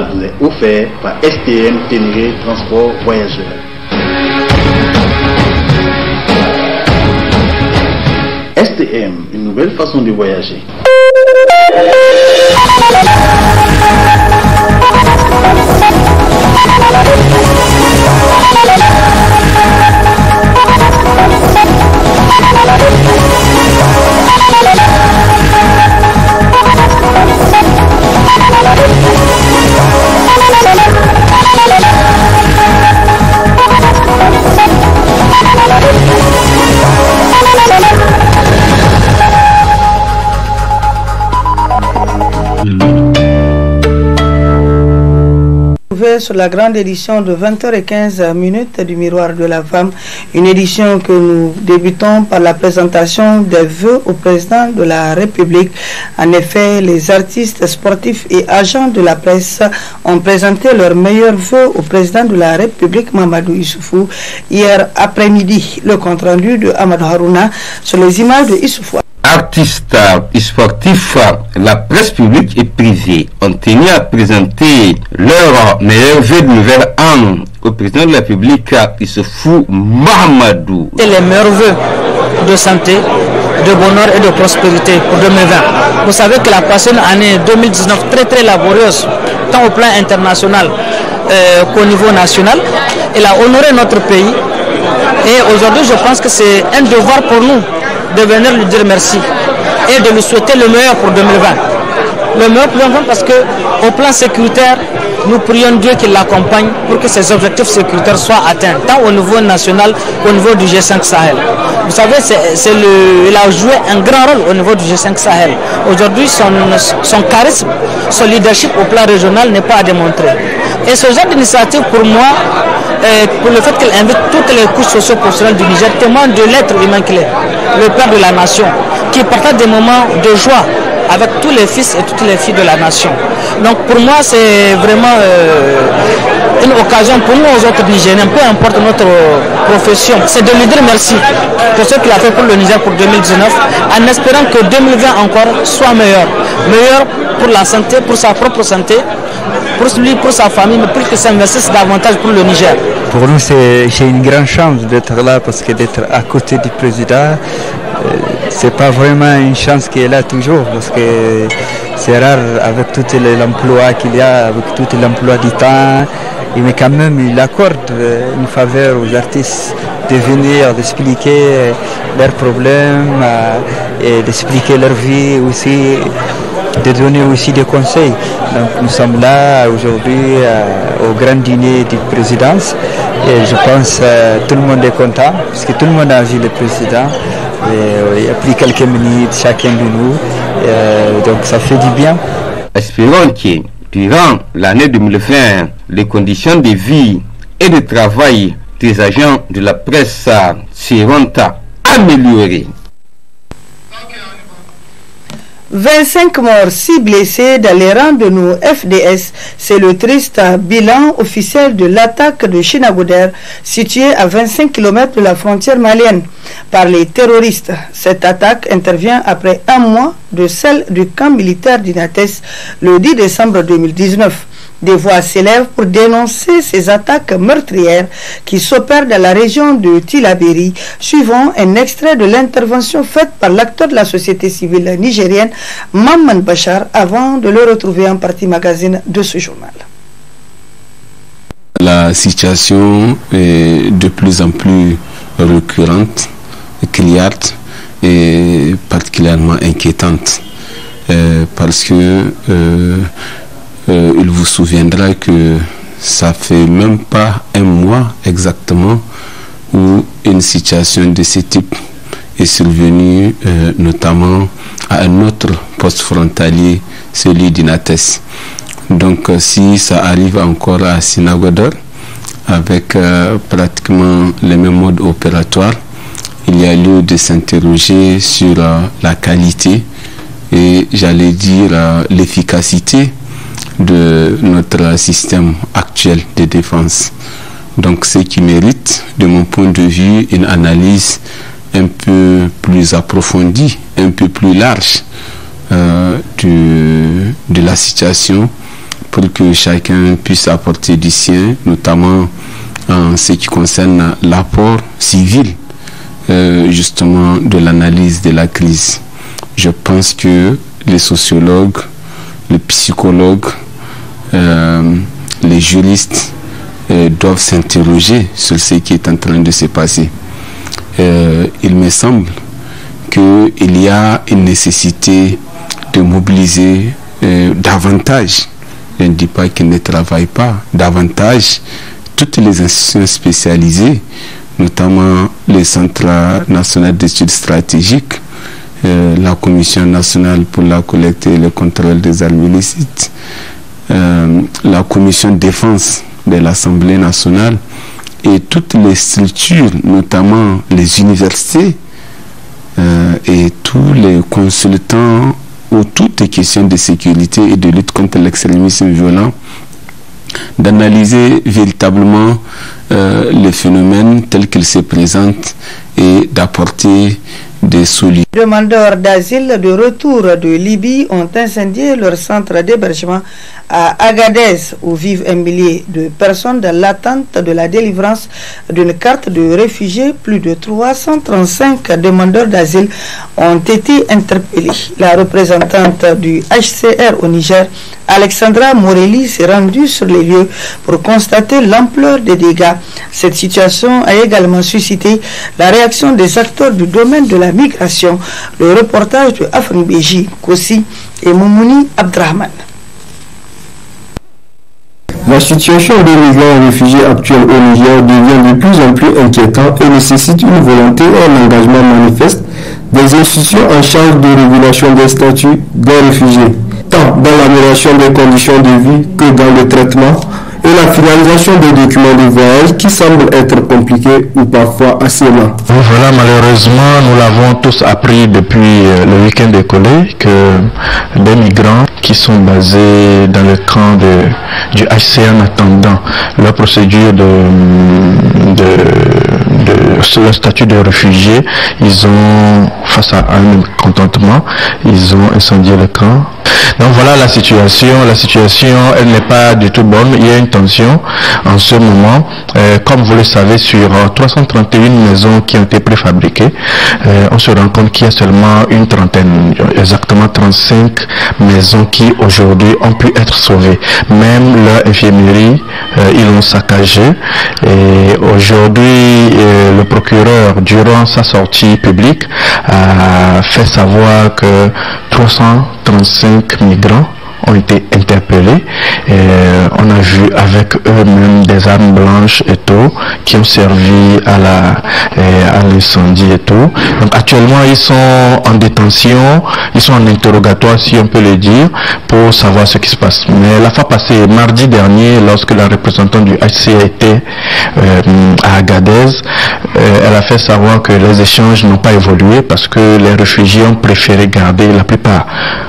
vous est offert par STM Ténéré Transport Voyageurs. STM, une nouvelle façon de voyager. sur la grande édition de 20h15 du Miroir de la Femme, une édition que nous débutons par la présentation des voeux au président de la République. En effet, les artistes sportifs et agents de la presse ont présenté leurs meilleurs voeux au président de la République, Mamadou Issoufou, hier après-midi. Le compte-rendu de Ahmad Harouna sur les images de Issoufou artistes et sportifs, la presse publique et privée ont tenu à présenter leur meilleur vœu de nouvel an au président de la République, fout mamadou. Et les meilleurs vœux de santé, de bonheur et de prospérité pour 2020. Vous savez que la prochaine année 2019 très très laborieuse, tant au plan international euh, qu'au niveau national, elle a honoré notre pays. Et aujourd'hui, je pense que c'est un devoir pour nous de venir lui dire merci et de lui souhaiter le meilleur pour 2020. Le meilleur pour 2020 parce que au plan sécuritaire, nous prions Dieu qu'il l'accompagne pour que ses objectifs sécuritaires soient atteints, tant au niveau national qu'au niveau du G5 Sahel. Vous savez, le, il a joué un grand rôle au niveau du G5 Sahel. Aujourd'hui, son, son, charisme, son leadership au plan régional n'est pas à démontrer. Et ce genre d'initiative, pour moi, euh, pour le fait qu'elle invite toutes les couches socio-professionnelles du Niger témoin de l'être humain qu'il le père de la nation, qui partage des moments de joie avec tous les fils et toutes les filles de la nation. Donc pour moi, c'est vraiment euh, une occasion pour nous, autres Nigériens, peu importe notre profession, c'est de lui dire merci pour ce qu'il a fait pour le Niger pour 2019, en espérant que 2020 encore soit meilleur. Meilleur pour la santé, pour sa propre santé, pour lui, pour sa famille, mais pour ça, s'investisse davantage pour le Niger. Pour nous, c'est une grande chance d'être là parce que d'être à côté du président, euh, c'est pas vraiment une chance qui est là toujours parce que c'est rare avec tout l'emploi qu'il y a, avec tout l'emploi du temps. Mais quand même, il accorde euh, une faveur aux artistes de venir, d'expliquer euh, leurs problèmes et d'expliquer leur vie aussi de donner aussi des conseils. nous sommes là aujourd'hui euh, au grand dîner de présidence et je pense que euh, tout le monde est content parce que tout le monde a vu le président. Et, euh, il a pris quelques minutes chacun de nous, donc ça fait du bien. Espérons que durant l'année 2020, les conditions de vie et de travail des agents de la presse seront améliorées. 25 morts, 6 blessés dans les rangs de nos FDS. C'est le triste bilan officiel de l'attaque de Chinagoder, située à 25 km de la frontière malienne, par les terroristes. Cette attaque intervient après un mois de celle du camp militaire d'Inates le 10 décembre 2019. Des voix s'élèvent pour dénoncer ces attaques meurtrières qui s'opèrent dans la région de Tilaberi, suivant un extrait de l'intervention faite par l'acteur de la société civile nigérienne, Mamman Bachar, avant de le retrouver en partie magazine de ce journal. La situation est de plus en plus récurrente, criarde et particulièrement inquiétante euh, parce que euh, euh, il vous souviendra que ça fait même pas un mois exactement où une situation de ce type est survenue euh, notamment à un autre poste frontalier, celui d'Inates. Donc euh, si ça arrive encore à Sinagodor, avec pratiquement les mêmes modes opératoires, il y a lieu de s'interroger sur la qualité et j'allais dire l'efficacité de notre système actuel de défense. Donc ce qui mérite, de mon point de vue, une analyse un peu plus approfondie, un peu plus large euh, de, de la situation pour que chacun puisse apporter du sien, notamment en ce qui concerne l'apport civil euh, justement de l'analyse de la crise. Je pense que les sociologues psychologues, euh, les juristes euh, doivent s'interroger sur ce qui est en train de se passer. Euh, il me semble qu'il y a une nécessité de mobiliser davantage, je ne dis pas qu'ils ne travaillent pas, davantage toutes les institutions spécialisées, notamment les centres national d'études stratégiques, euh, la Commission nationale pour la collecte et le contrôle des armes illicites, euh, la Commission défense de l'Assemblée nationale et toutes les structures, notamment les universités euh, et tous les consultants ou toutes les questions de sécurité et de lutte contre l'extrémisme violent, d'analyser véritablement euh, les phénomènes tels qu'ils se présentent et d'apporter des solutions. Les demandeurs d'asile de retour de Libye ont incendié leur centre d'hébergement à Agadez où vivent un millier de personnes dans l'attente de la délivrance d'une carte de réfugiés. Plus de 335 demandeurs d'asile ont été interpellés. La représentante du HCR au Niger, Alexandra Morelli, s'est rendue sur les lieux pour constater l'ampleur des dégâts cette situation a également suscité la réaction des acteurs du domaine de la migration. Le reportage de afrique Beji, Kossi et Moumouni Abdrahman. La situation des migrants et réfugiés actuels au Niger devient de plus en plus inquiétante et nécessite une volonté et un engagement manifeste des institutions en charge de régulation des statuts des réfugiés, tant dans l'amélioration des conditions de vie que dans le traitement et la finalisation des documents de voyage qui semblent être compliqués ou parfois assez lents. Voilà, malheureusement, nous l'avons tous appris depuis euh, le week-end décollé que les migrants qui sont basés dans le camp de, du HCN attendant leur procédure mm, de, de sur le statut de réfugié, ils ont, face à un contentement, ils ont incendié le camp. Donc voilà la situation. La situation, elle n'est pas du tout bonne. Il y a une tension en ce moment. Euh, comme vous le savez, sur 331 euh, maisons qui ont été préfabriquées, euh, on se rend compte qu'il y a seulement une trentaine, exactement 35 maisons qui aujourd'hui ont pu être sauvées. Même leur infirmerie, euh, ils l'ont saccagé. Et aujourd'hui, le procureur, durant sa sortie publique, a fait savoir que 335 migrants ont été interpellés. Euh, on a vu avec eux-mêmes des armes blanches et tout, qui ont servi à la euh, à l'incendie et tout. Donc actuellement, ils sont en détention, ils sont en interrogatoire, si on peut le dire, pour savoir ce qui se passe. Mais la fois passée, mardi dernier, lorsque la représentante du HCA était euh, à Agadez, elle a fait savoir que les échanges n'ont pas évolué parce que les réfugiés ont préféré garder, la plupart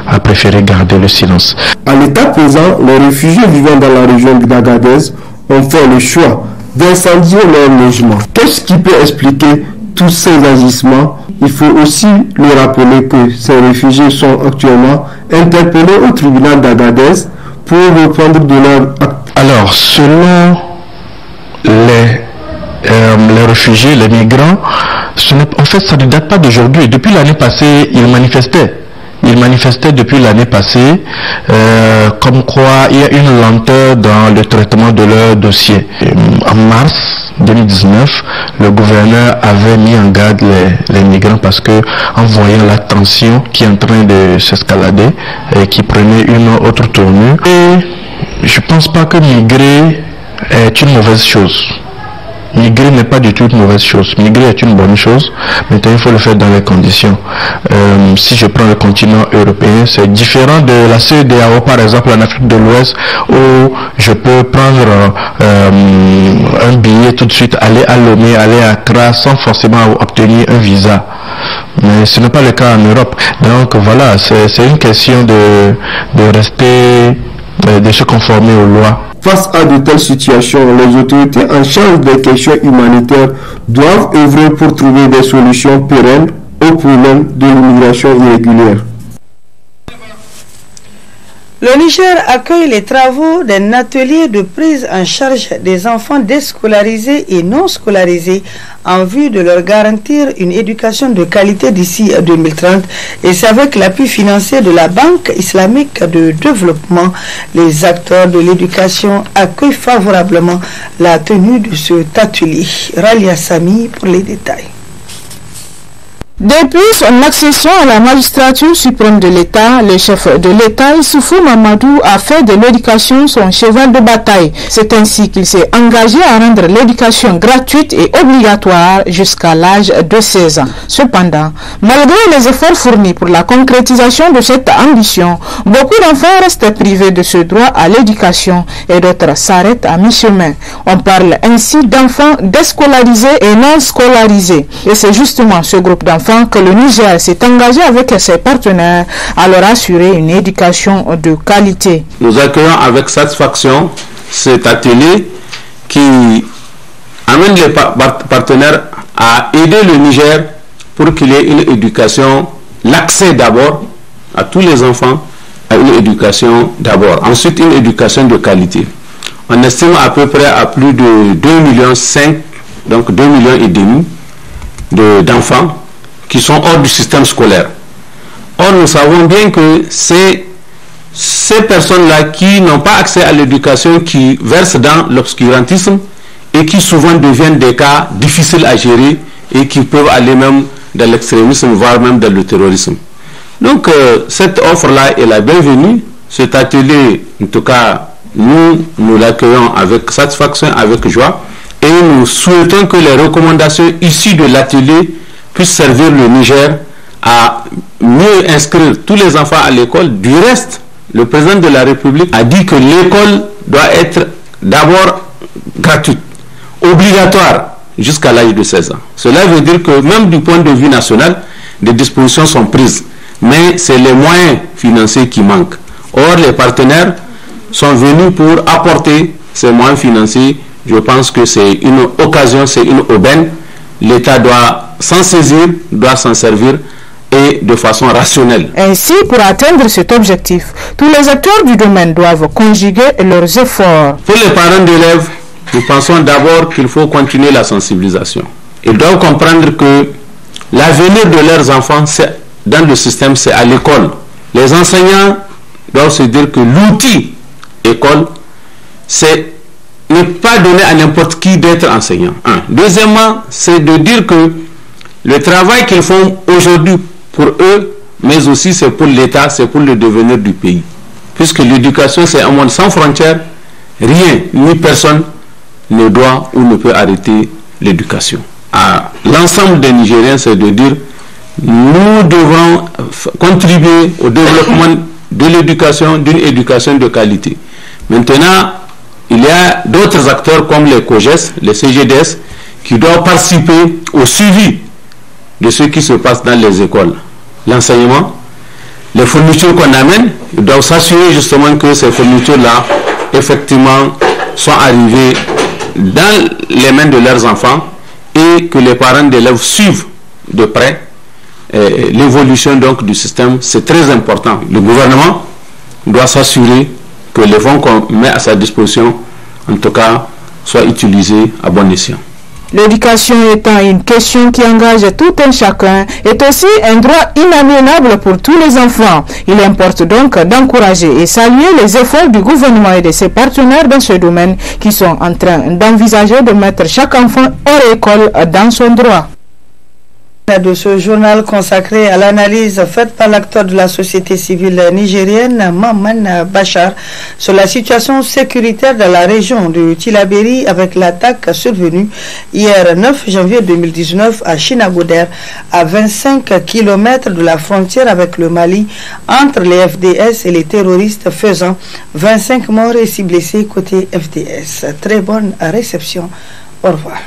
a préféré garder le silence. À l'état présent, les réfugiés vivant dans la région de d'Agadez ont fait le choix d'incendier leur logement. Qu'est-ce qui peut expliquer tous ces agissements Il faut aussi le rappeler que ces réfugiés sont actuellement interpellés au tribunal d'Agadez pour reprendre de leur acte. Alors, selon les, euh, réfugiés, les migrants, en fait, ça ne date pas d'aujourd'hui. Depuis l'année passée, ils manifestaient ils manifestaient depuis l'année passée euh, comme quoi il y a une lenteur dans le traitement de leur dossier. En mars 2019, le gouverneur avait mis en garde les, migrants parce que en voyant la tension qui est en train de s'escalader et qui prenait une autre tournure, et je pense pas que migrer est une mauvaise chose. Migrer n'est pas du tout une mauvaise chose. Migrer est une bonne chose. mais il faut le faire dans les conditions. Euh, si je prends le continent européen, c'est différent de la CEDAO, par exemple, en Afrique de l'Ouest, où je peux prendre euh, un billet tout de suite, aller à Lomé, aller à Accra, sans forcément obtenir un visa. Mais ce n'est pas le cas en Europe. Donc voilà, c'est une question de, de rester de se conformer aux lois. Face à de telles situations, les autorités en charge des questions humanitaires doivent œuvrer pour trouver des solutions pérennes au problème de l'immigration irrégulière. Le Niger accueille les travaux d'un atelier de prise en charge des enfants déscolarisés et non scolarisés en vue de leur garantir une éducation de qualité d'ici 2030 et c'est avec l'appui financier de la Banque islamique de développement. Les acteurs de l'éducation accueillent favorablement la tenue de ce atelier. Ralia Sami pour les détails. Depuis son accession à la magistrature suprême de l'État, le chef de l'État, Issoufou Mamadou, a fait de l'éducation son cheval de bataille. C'est ainsi qu'il s'est engagé à rendre l'éducation gratuite et obligatoire jusqu'à l'âge de 16 ans. Cependant, malgré les efforts fournis pour la concrétisation de cette ambition, beaucoup d'enfants restent privés de ce droit à l'éducation et d'autres s'arrêtent à mi-chemin. On parle ainsi d'enfants déscolarisés et non scolarisés. Et c'est justement ce groupe d'enfants que le Niger s'est engagé avec ses partenaires à leur assurer une éducation de qualité. Nous accueillons avec satisfaction cet atelier qui amène les partenaires à aider le Niger pour qu'il ait une éducation, l'accès d'abord à tous les enfants à une éducation d'abord, ensuite une éducation de qualité. On estime à peu près à plus de 2,5 millions donc 2 millions et demi d'enfants qui sont hors du système scolaire. Or, nous savons bien que c'est ces personnes-là qui n'ont pas accès à l'éducation, qui versent dans l'obscurantisme et qui souvent deviennent des cas difficiles à gérer et qui peuvent aller même dans l'extrémisme, voire même dans le terrorisme. Donc, euh, cette offre-là est la bienvenue. Cet atelier, en tout cas, nous, nous l'accueillons avec satisfaction, avec joie, et nous souhaitons que les recommandations issues de l'atelier puisse servir le Niger à mieux inscrire tous les enfants à l'école. Du reste, le président de la République a dit que l'école doit être d'abord gratuite, obligatoire jusqu'à l'âge de 16 ans. Cela veut dire que même du point de vue national, des dispositions sont prises, mais c'est les moyens financiers qui manquent. Or, les partenaires sont venus pour apporter ces moyens financiers. Je pense que c'est une occasion, c'est une aubaine l'État doit s'en saisir, doit s'en servir et de façon rationnelle. Ainsi, pour atteindre cet objectif, tous les acteurs du domaine doivent conjuguer leurs efforts. Pour les parents d'élèves, nous pensons d'abord qu'il faut continuer la sensibilisation. Ils doivent comprendre que l'avenir de leurs enfants dans le système, c'est à l'école. Les enseignants doivent se dire que l'outil école, c'est ne pas donner à n'importe qui d'être enseignant. Un. Deuxièmement, c'est de dire que le travail qu'ils font aujourd'hui pour eux, mais aussi c'est pour l'État, c'est pour le devenir du pays. Puisque l'éducation, c'est un monde sans frontières, rien ni personne ne doit ou ne peut arrêter l'éducation. À l'ensemble des Nigériens, c'est de dire nous devons contribuer au développement de l'éducation, d'une éducation de qualité. Maintenant, il y a d'autres acteurs comme les COGES, les CGDS, qui doivent participer au suivi de ce qui se passe dans les écoles. L'enseignement, les fournitures qu'on amène, doivent s'assurer justement que ces fournitures-là, effectivement, sont arrivées dans les mains de leurs enfants et que les parents d'élèves suivent de près eh, l'évolution donc du système. C'est très important. Le gouvernement doit s'assurer que les fonds qu'on met à sa disposition en tout cas, soit utilisée à bon escient. L'éducation étant une question qui engage tout un chacun, est aussi un droit inaliénable pour tous les enfants. Il importe donc d'encourager et saluer les efforts du gouvernement et de ses partenaires dans ce domaine qui sont en train d'envisager de mettre chaque enfant hors école dans son droit de ce journal consacré à l'analyse faite par l'acteur de la société civile nigérienne Maman Bachar sur la situation sécuritaire dans la région de Tilaberi avec l'attaque survenue hier 9 janvier 2019 à Chinagoder à 25 km de la frontière avec le Mali entre les FDS et les terroristes faisant 25 morts et 6 blessés côté FDS. Très bonne réception. Au revoir.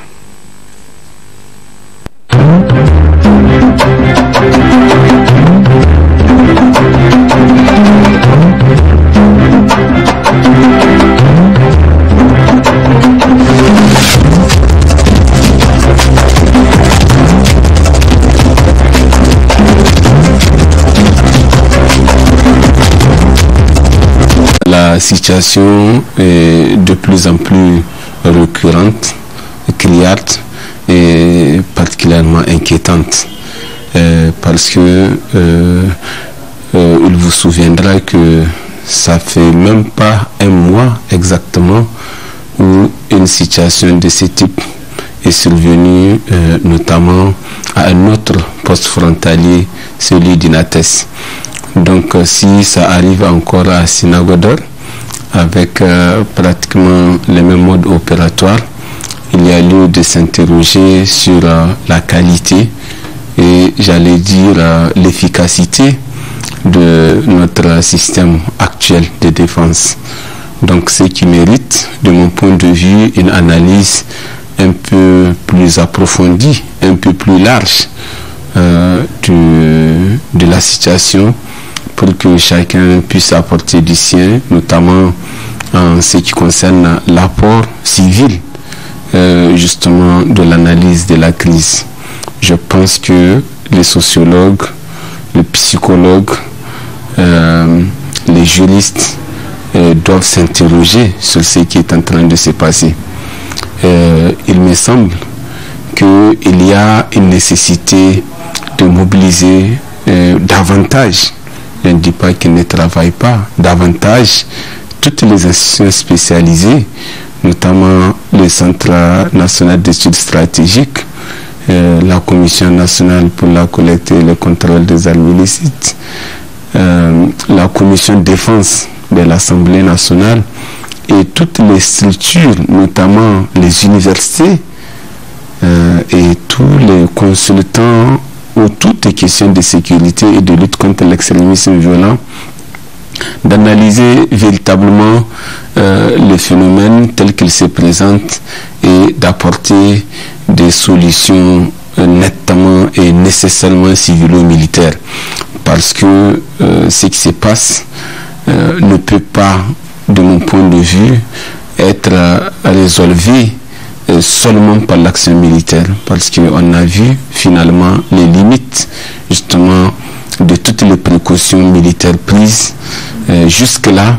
situation est de plus en plus récurrente, criarde et particulièrement inquiétante. Euh, parce que euh, euh, il vous souviendra que ça fait même pas un mois exactement où une situation de ce type est survenue notamment à un autre poste frontalier, celui d'Inates. Donc si ça arrive encore à Synagogue, avec euh, pratiquement les mêmes modes opératoires, il y a lieu de s'interroger sur euh, la qualité et j'allais dire euh, l'efficacité de notre système actuel de défense. Donc ce qui mérite, de mon point de vue, une analyse un peu plus approfondie, un peu plus large de la situation pour que chacun puisse apporter du sien, notamment en ce qui concerne l'apport civil euh, justement de l'analyse de la crise. Je pense que les sociologues, les psychologues, euh, les juristes euh, doivent s'interroger sur ce qui est en train de se passer. il me semble qu'il y a une nécessité de mobiliser davantage je ne dis pas qu'ils ne travaillent pas. Davantage, toutes les institutions spécialisées, notamment le Centre national d'études stratégiques, euh, la Commission nationale pour la collecte et le contrôle des armes illicites, euh, la Commission défense de l'Assemblée nationale et toutes les structures, notamment les universités euh, et tous les consultants pour toutes questions questions de sécurité et de lutte contre l'extrémisme violent, d'analyser véritablement euh, les le phénomène tel qu'il se présente et d'apporter des solutions euh, nettement et nécessairement civilo-militaires. Parce que euh, ce qui se passe ne peut pas, de mon point de vue, être résolu euh, seulement par l'action militaire, parce qu'on a vu finalement les limites justement de toutes les précautions militaires prises. Euh, jusque-là,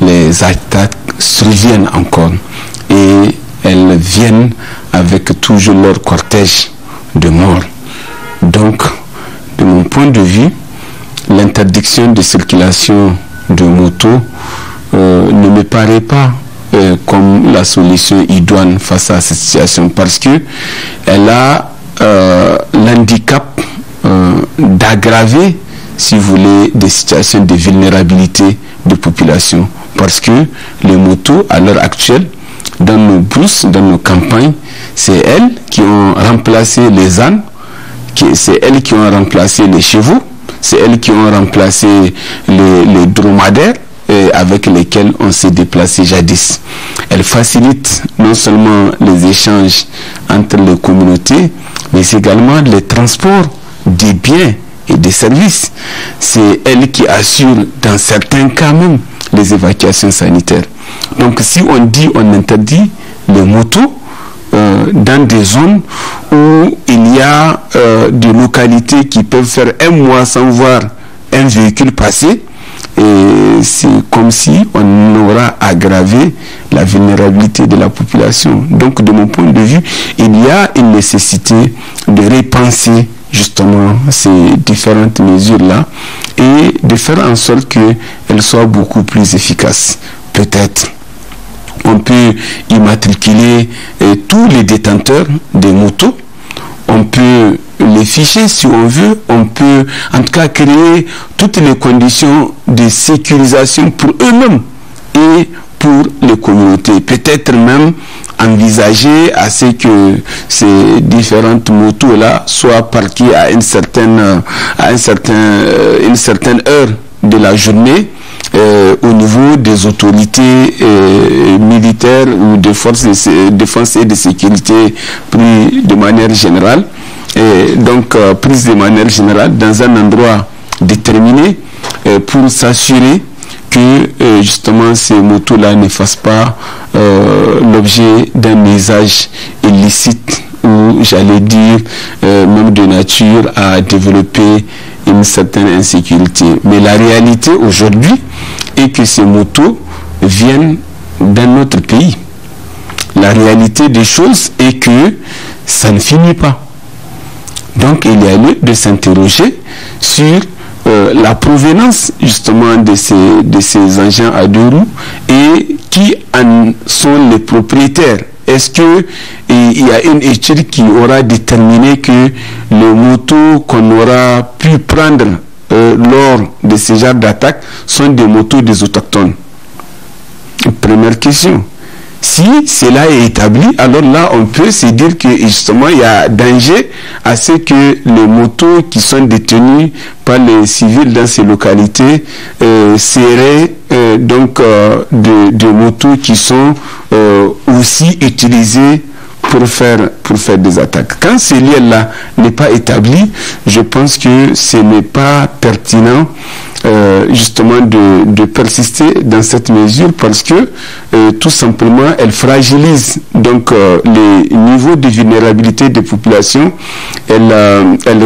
les attaques surviennent encore et elles viennent avec toujours leur cortège de mort. Donc, de mon point de vue, l'interdiction de circulation de motos euh, ne me paraît pas euh, comme la solution idoine face à cette situation parce que elle a euh, l'handicap euh, d'aggraver, si vous voulez, des situations de vulnérabilité de population. Parce que les motos, à l'heure actuelle, dans nos bus, dans nos campagnes, c'est elles qui ont remplacé les ânes, c'est elles qui ont remplacé les chevaux, c'est elles qui ont remplacé les dromadaires, euh, avec lesquelles on s'est déplacé jadis. Elle facilite non seulement les échanges entre les communautés, mais également les transports des biens et des services. C'est elle qui assure, dans certains cas même, les évacuations sanitaires. Donc si on dit, on interdit les motos, euh, dans des zones où il y a euh, des localités qui peuvent faire un mois sans voir un véhicule passer, et c'est comme si on aura aggravé la vulnérabilité de la population. Donc, de mon point de vue, il y a une nécessité de repenser justement ces différentes mesures-là et de faire en sorte qu'elles soient beaucoup plus efficaces. Peut-être on peut immatriculer euh, tous les détenteurs des motos on peut les ficher si on veut, on peut en tout cas créer toutes les conditions de sécurisation pour eux-mêmes et pour les communautés. Peut-être même envisager à ce que ces différentes motos-là soient parquées à une euh, une certaine heure de la journée euh, au niveau des autorités euh, militaires ou des forces de défense et de sécurité pris de manière générale. Et donc, euh, prise de manière générale dans un endroit déterminé pour s'assurer que justement ces motos-là ne fassent pas l'objet d'un usage illicite ou j'allais dire euh, même de nature à développer une certaine insécurité. Mais la réalité aujourd'hui est que ces motos viennent d'un autre pays. La réalité des choses est que ça ne finit pas. Donc il y a lieu de s'interroger sur euh, la provenance justement de ces, de ces engins à deux roues et qui en sont les propriétaires. Est-ce que il y a une étude qui aura déterminé que les motos qu'on aura pu prendre euh, lors de ces genre d'attaque sont des motos des autochtones Première question. Si cela est établi, alors là, on peut se dire que justement, il y a danger à ce que les motos qui sont détenues par les civils dans ces localités euh, seraient euh, donc euh, de, motos qui sont euh, aussi utilisées pour faire, pour faire des attaques. Quand ces liens là n'est pas établi, je pense que ce n'est pas pertinent euh, justement de, de, persister dans cette mesure parce que euh, tout simplement elle fragilise donc euh, les niveaux de vulnérabilité des populations, elle, elle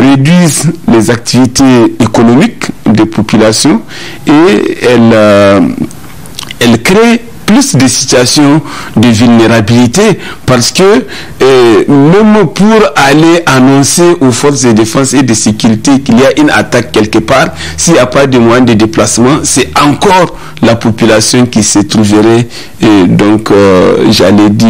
les activités économiques des populations et elle, elle crée plus de situations de vulnérabilité parce que euh, même pour aller annoncer aux forces de défense et de sécurité qu'il y a une attaque quelque part, s'il n'y a pas de moyens de déplacement, c'est encore la population qui se trouverait et euh, donc euh, j'allais dire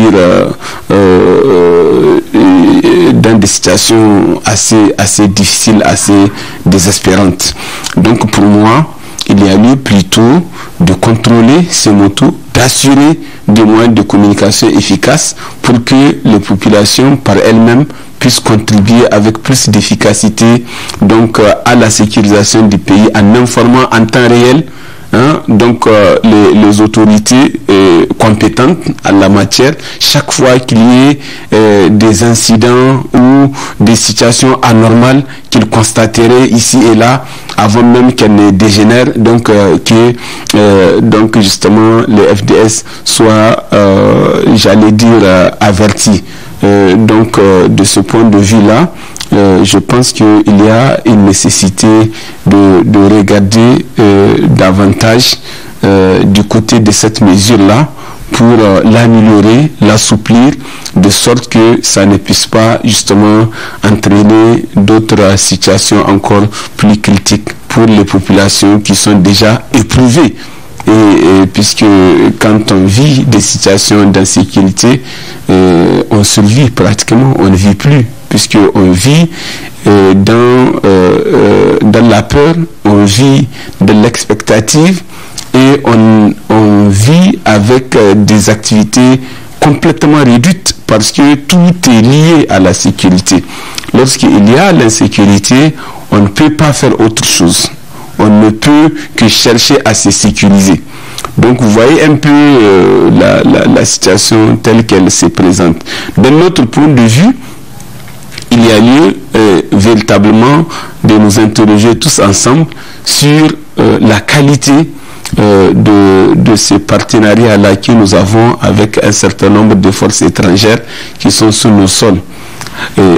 dans des situations assez assez difficiles, assez désespérantes. Donc pour moi, il y a lieu plutôt de contrôler ces motos, d'assurer des moyens de communication efficaces pour que les populations par elles-mêmes puissent contribuer avec plus d'efficacité donc euh, à la sécurisation du pays en informant en temps réel Hein. donc euh, les, autorités euh, compétentes à la matière chaque fois qu'il y ait euh, des incidents ou des situations anormales qu'ils constateraient ici et là avant même qu'elles ne dégénèrent donc que donc justement les FDS soient j'allais dire avertis euh, donc, euh, de ce point de vue-là, euh, je pense qu'il y a une nécessité de regarder davantage du côté de cette mesure-là pour l'améliorer, l'assouplir, de sorte que ça ne puisse pas justement entraîner d'autres situations encore plus critiques pour les populations qui sont déjà éprouvées et, puisque quand on vit des situations d'insécurité, euh, on se vit pratiquement, on ne vit plus, Puisqu'on vit euh, euh, dans, la peur, on vit de l'expectative et on, vit avec des activités complètement réduites parce que tout est lié à la sécurité. Lorsqu'il y a l'insécurité, on ne peut pas faire autre chose on ne peut que chercher à se sécuriser. Donc vous voyez un peu euh, la, la, situation telle qu'elle se présente. D'un autre point de vue, il y a lieu euh, véritablement de nous interroger tous ensemble sur euh, la qualité de, ces partenariats-là que nous avons avec un certain nombre de forces étrangères qui sont sous nos sols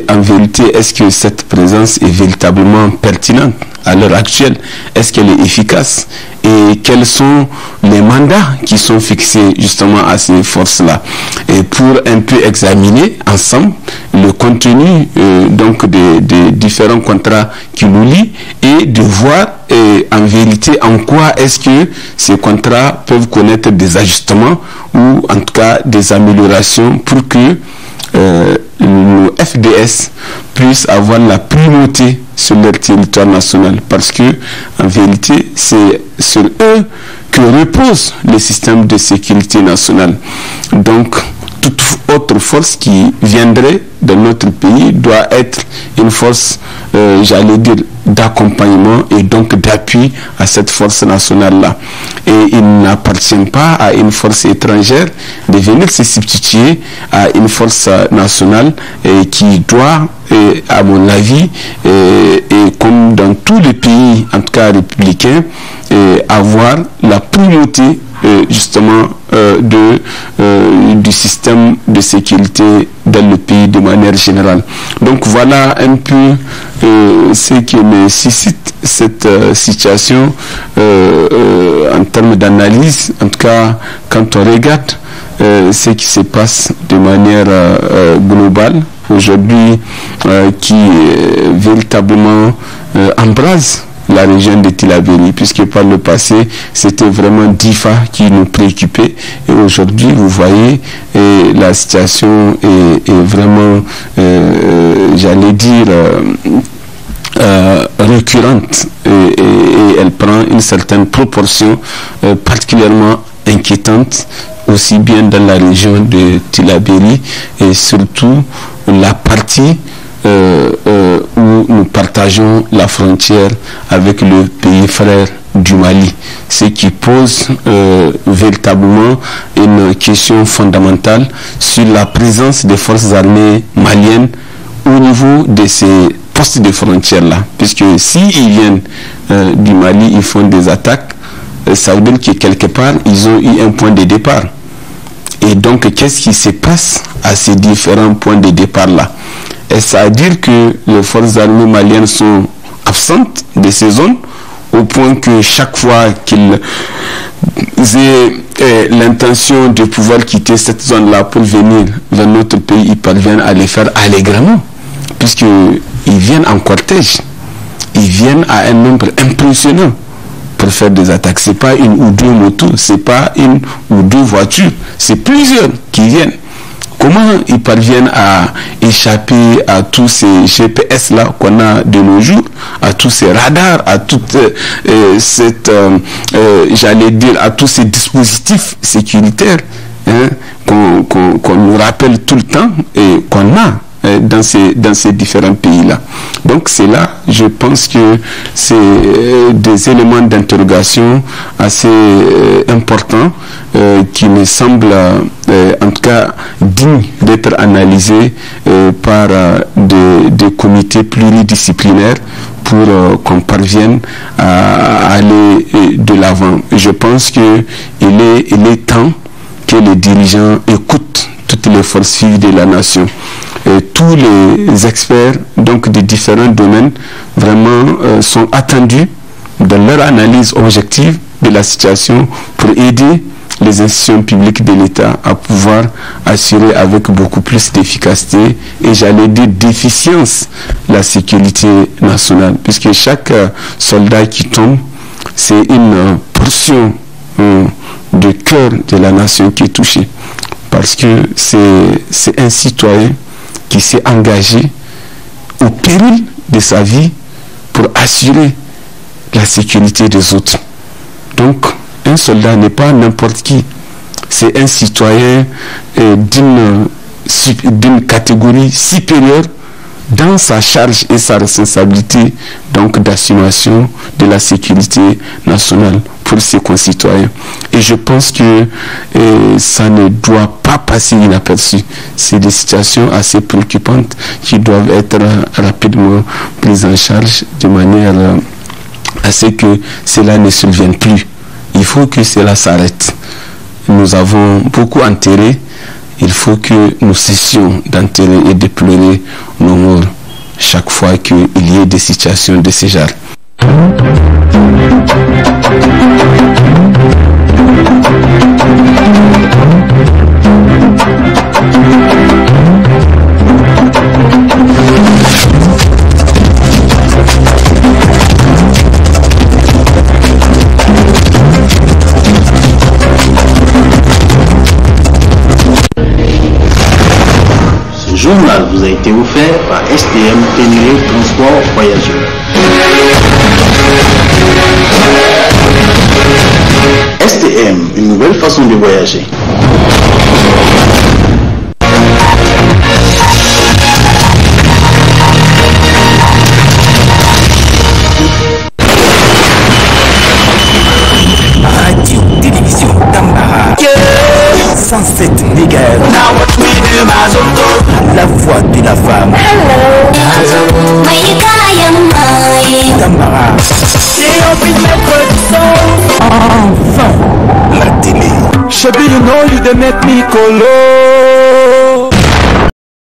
en vérité, est-ce que cette présence est véritablement pertinente à l'heure actuelle Est-ce qu'elle est efficace Et quels sont les mandats qui sont fixés justement à ces forces-là Et pour un peu examiner ensemble le contenu euh, donc des, des différents contrats qui nous lient et de voir et en vérité en quoi est-ce que ces contrats peuvent connaître des ajustements ou en tout cas des améliorations pour que euh, le FDS puisse avoir la primauté sur leur territoire national parce que en vérité c'est sur eux que repose le système de sécurité nationale donc toute autre force qui viendrait de notre pays doit être une force, euh, j'allais dire, d'accompagnement et donc d'appui à cette force nationale-là. Et il n'appartient pas à une force étrangère de venir se substituer à une force nationale euh, qui doit, euh, à mon avis, et, comme dans tous les pays, en tout cas républicains, avoir la priorité euh, justement euh, de, euh, du système de sécurité dans le pays de manière générale. Donc voilà un peu ce qui me suscite cette situation en termes d'analyse. En tout cas, quand on regarde ce qui se passe de manière globale aujourd'hui, qui véritablement embrase la région de Tilaberi, puisque par le passé, c'était vraiment DIFA qui nous préoccupait. Et aujourd'hui, vous voyez, la situation est, vraiment, euh, euh, j'allais dire, euh, récurrente et, et, elle prend une certaine proportion particulièrement inquiétante aussi bien dans la région de Tilaberi et surtout la partie euh, euh, où nous partageons la frontière avec le pays frère du Mali, ce qui pose euh, véritablement une question fondamentale sur la présence des forces armées maliennes au niveau de ces postes de frontière là Puisque s'ils ils viennent du Mali, ils font des attaques, ça veut dire que quelque part, ils ont eu un point de départ. Et donc, qu'est-ce qui se passe à ces différents points de départ-là et ça à dire que les forces armées maliennes sont absentes de ces zones au point que chaque fois qu'ils ont eh, l'intention de pouvoir quitter cette zone-là pour venir dans notre pays, ils parviennent à les faire allègrement, puisqu'ils viennent en cortège, ils viennent à un nombre impressionnant pour faire des attaques. Ce n'est pas une ou deux motos, ce n'est pas une ou deux voitures, c'est plusieurs qui viennent. Comment ils parviennent à échapper à tous ces GPS-là qu'on a de nos jours, à tous ces radars, à toute euh, euh, cette, euh, j'allais dire, à tous ces dispositifs sécuritaires hein, qu'on nous rappelle tout le temps et qu'on a euh, dans ces, dans ces différents pays-là. Donc c'est là, je pense que c'est euh, des éléments d'interrogation assez euh, importants qui me semblent en tout cas dignes d'être analysés par des, comités pluridisciplinaires pour qu'on parvienne à aller de l'avant. Je pense qu'il est, est temps que les dirigeants écoutent les forces vives de la nation. tous les experts donc de différents domaines vraiment euh, sont attendus dans leur analyse objective de la situation pour aider les institutions publiques de l'État à pouvoir assurer avec beaucoup plus d'efficacité et j'allais dire d'efficience la sécurité nationale puisque chaque euh, soldat qui tombe c'est une euh, portion de cœur de la nation qui est touchée parce que c'est un citoyen qui s'est engagé au péril de sa vie pour assurer la sécurité des autres. Donc, un soldat n'est pas n'importe qui. C'est un citoyen euh, d'une catégorie supérieure dans sa charge et sa responsabilité donc d'assumation de la sécurité nationale pour ses concitoyens. Et je pense que euh, ça ne doit pas passer inaperçu. C'est des situations assez préoccupantes qui doivent être rapidement prises en charge de manière euh, à ce que cela ne se vienne plus. Il faut que cela s'arrête. Nous avons beaucoup enterré. Il faut que nous cessions d'enterrer et de pleurer nos morts chaque fois qu'il y ait des situations de ce genre. Ce journal vous a été offert par STM Ténéré Transport Voyageurs. STM, une nouvelle façon de voyager. Radio, télévision, Tambara. Yeah. 107 MHz. La voix de la femme. Hello. Tambara. J'ai envie de mettre du son. Enfin. Shebi you know you dey make me kolo.